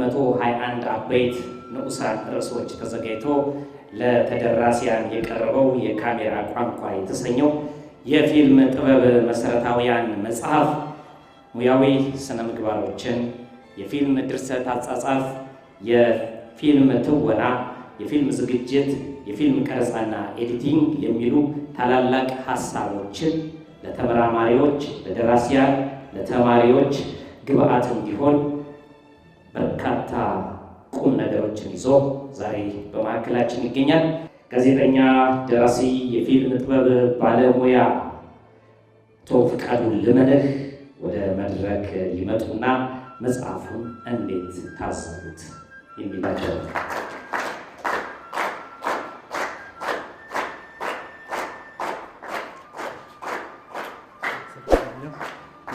መቶ 21 አባይት አበይት ንዑሳን ርዕሶች ተዘጋጅቶ ለተደራሲያን የቀረበው የካሜራ ቋንቋ የተሰኘው የፊልም ጥበብ መሰረታዊያን መጽሐፍ ሙያዊ ስነ ምግባሮችን፣ የፊልም ድርሰት አጻጻፍ፣ የፊልም ትወና፣ የፊልም ዝግጅት፣ የፊልም ቀረጻና ኤዲቲንግ የሚሉ ታላላቅ ሀሳቦችን ለተመራማሪዎች፣ ለደራሲያን፣ ለተማሪዎች ግብአት እንዲሆን በርካታ ቁም ነገሮችን ይዞ ዛሬ በማዕከላችን ይገኛል። ጋዜጠኛ፣ ደራሲ፣ የፊልም ጥበብ ባለሙያ አቶ ፍቃዱ ልመድህ ወደ መድረክ ይመጡና መጽሐፉን እንዴት ታዘቡት የሚላቸው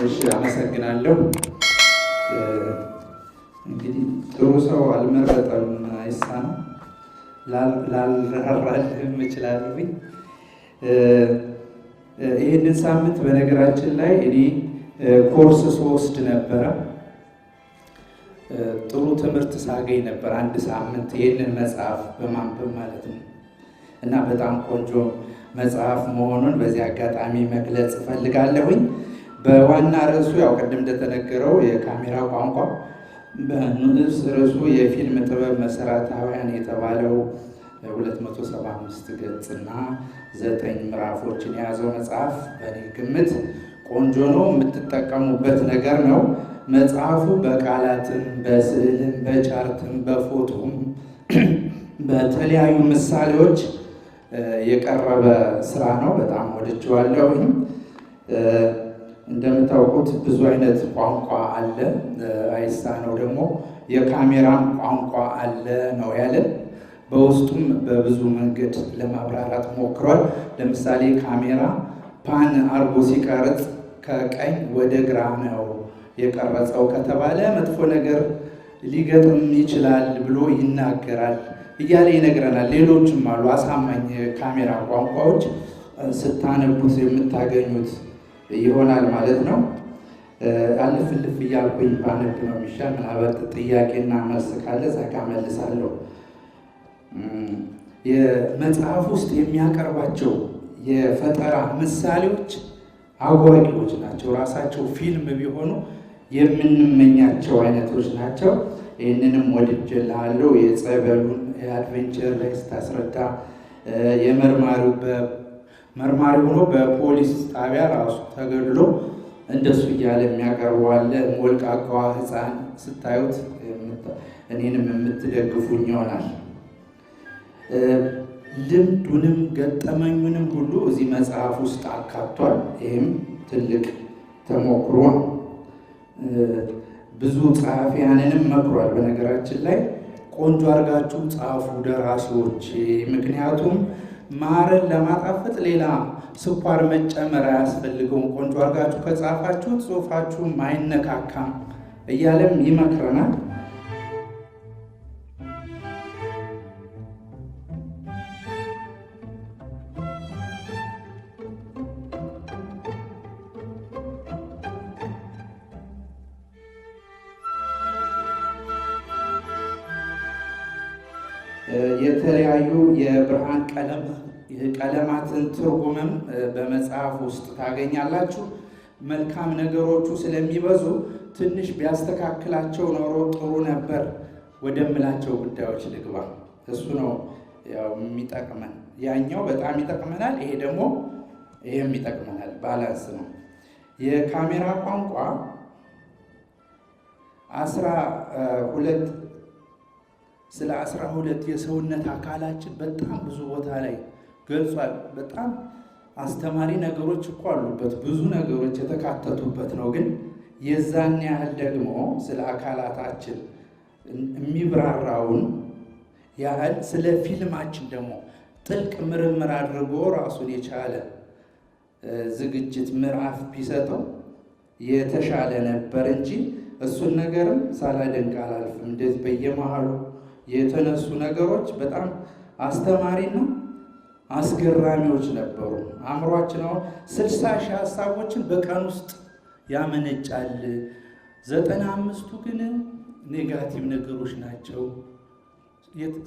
እሺ፣ አመሰግናለሁ። እንግዲህ ጥሩ ሰው አልመረጠም አይሳነው ላልራራልህም እችላለሁኝ። ይህንን ሳምንት በነገራችን ላይ እኔ ኮርስ ሶስት ነበረ ጥሩ ትምህርት ሳገኝ ነበር አንድ ሳምንት ይህንን መጽሐፍ በማንበብ ማለት ነው እና በጣም ቆንጆ መጽሐፍ መሆኑን በዚህ አጋጣሚ መግለጽ እፈልጋለሁኝ። በዋና ርዕሱ ያው ቅድም እንደተነገረው የካሜራ ቋንቋ በንዑስ ርዕሱ የፊልም ጥበብ መሰረታውያን የተባለው 275 ገጽና ዘጠኝ ምዕራፎችን የያዘው መጽሐፍ በእኔ ግምት ቆንጆ ነው፣ የምትጠቀሙበት ነገር ነው። መጽሐፉ በቃላትም በስዕልም በቻርትም በፎቶም በተለያዩ ምሳሌዎች የቀረበ ስራ ነው። በጣም ወድጄዋለሁኝ። እንደምታውቁት ብዙ አይነት ቋንቋ አለ። አይሳ ነው ደግሞ የካሜራም ቋንቋ አለ ነው ያለን። በውስጡም በብዙ መንገድ ለማብራራት ሞክሯል። ለምሳሌ ካሜራ ፓን አርጎ ሲቀርጽ ከቀኝ ወደ ግራ ነው የቀረጸው ከተባለ መጥፎ ነገር ሊገጥም ይችላል ብሎ ይናገራል እያለ ይነግረናል። ሌሎችም አሉ አሳማኝ ካሜራ ቋንቋዎች ስታነቡት የምታገኙት ይሆናል ማለት ነው። አልፍ ልፍ እያልኩኝ ባነብ ነው የሚሻል። ምናልባት ጥያቄና መልስ ካለ ዛጋ መልሳለሁ። የመጽሐፍ ውስጥ የሚያቀርባቸው የፈጠራ ምሳሌዎች አጓጊዎች ናቸው። ራሳቸው ፊልም ቢሆኑ የምንመኛቸው አይነቶች ናቸው። ይህንንም ወድጀልሃለሁ የጸበሉን የአድቬንቸር ላይ ስታስረዳ የመርማሪው መርማሪ ሆኖ በፖሊስ ጣቢያ ራሱ ተገድሎ እንደሱ እያለ የሚያቀርበዋለ ወልቃቃዋ ህፃን ስታዩት እኔንም የምትደግፉኝ ይሆናል። ልምዱንም ገጠመኙንም ሁሉ እዚህ መጽሐፍ ውስጥ አካቷል። ይህም ትልቅ ተሞክሮ ብዙ ጸሐፊያንንም መክሯል። በነገራችን ላይ ቆንጆ አድርጋችሁ ጻፉ ደራሲዎች፣ ምክንያቱም ማርን ለማጣፈጥ ሌላ ስኳር መጨመር አያስፈልገውም። ቆንጆ አድርጋችሁ ከጻፋችሁት ጽሁፋችሁ አይነካካም እያለም ይመክረናል። የተለያዩ የብርሃን ቀለማትን ትርጉምም በመጽሐፍ ውስጥ ታገኛላችሁ። መልካም ነገሮቹ ስለሚበዙ ትንሽ ቢያስተካክላቸው ኖሮ ጥሩ ነበር ወደምላቸው ጉዳዮች ልግባ። እሱ ነው ያው የሚጠቅመን። ያኛው በጣም ይጠቅመናል፣ ይሄ ደግሞ ይሄም ይጠቅመናል። ባላንስ ነው። የካሜራ ቋንቋ አስራ ሁለት ስለ አስራ ሁለት የሰውነት አካላችን በጣም ብዙ ቦታ ላይ ገልጿል። በጣም አስተማሪ ነገሮች እኮ አሉበት፣ ብዙ ነገሮች የተካተቱበት ነው። ግን የዛን ያህል ደግሞ ስለ አካላታችን የሚብራራውን ያህል ስለ ፊልማችን ደግሞ ጥልቅ ምርምር አድርጎ ራሱን የቻለ ዝግጅት ምዕራፍ ቢሰጠው የተሻለ ነበር እንጂ እሱን ነገርም ሳላደንቅ አላልፍም። እንደዚህ በየመሃሉ የተነሱ ነገሮች በጣም አስተማሪና አስገራሚዎች ነበሩ። አእምሯችን አሁን ስልሳ ሺህ ሀሳቦችን በቀን ውስጥ ያመነጫል። ዘጠና አምስቱ ግን ኔጋቲቭ ነገሮች ናቸው።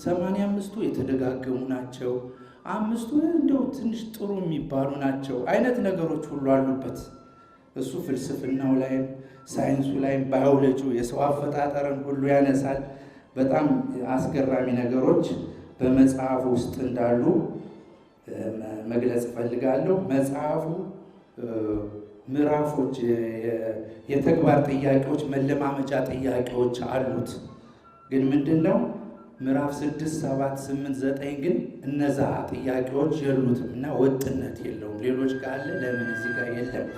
ሰማንያ አምስቱ የተደጋገሙ ናቸው። አምስቱ እንደው ትንሽ ጥሩ የሚባሉ ናቸው አይነት ነገሮች ሁሉ አሉበት። እሱ ፍልስፍናው ላይም ሳይንሱ ላይም ባዮሎጂው የሰው አፈጣጠርን ሁሉ ያነሳል። በጣም አስገራሚ ነገሮች በመጽሐፉ ውስጥ እንዳሉ መግለጽ እፈልጋለሁ። መጽሐፉ ምዕራፎች፣ የተግባር ጥያቄዎች፣ መለማመጃ ጥያቄዎች አሉት። ግን ምንድን ነው ምዕራፍ ስድስት ሰባት ስምንት ዘጠኝ ግን እነዛ ጥያቄዎች የሉትም እና ወጥነት የለውም። ሌሎች ካለ ለምን እዚህ ጋር የለም?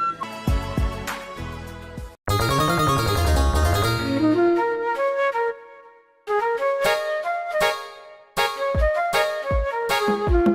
Música